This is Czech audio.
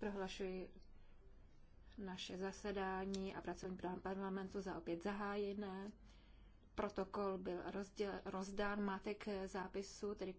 Prohlašuji naše zasedání a pracovní plán parlamentu za opět zahájené. Protokol byl rozděl, rozdán, máte k zápisu, tedy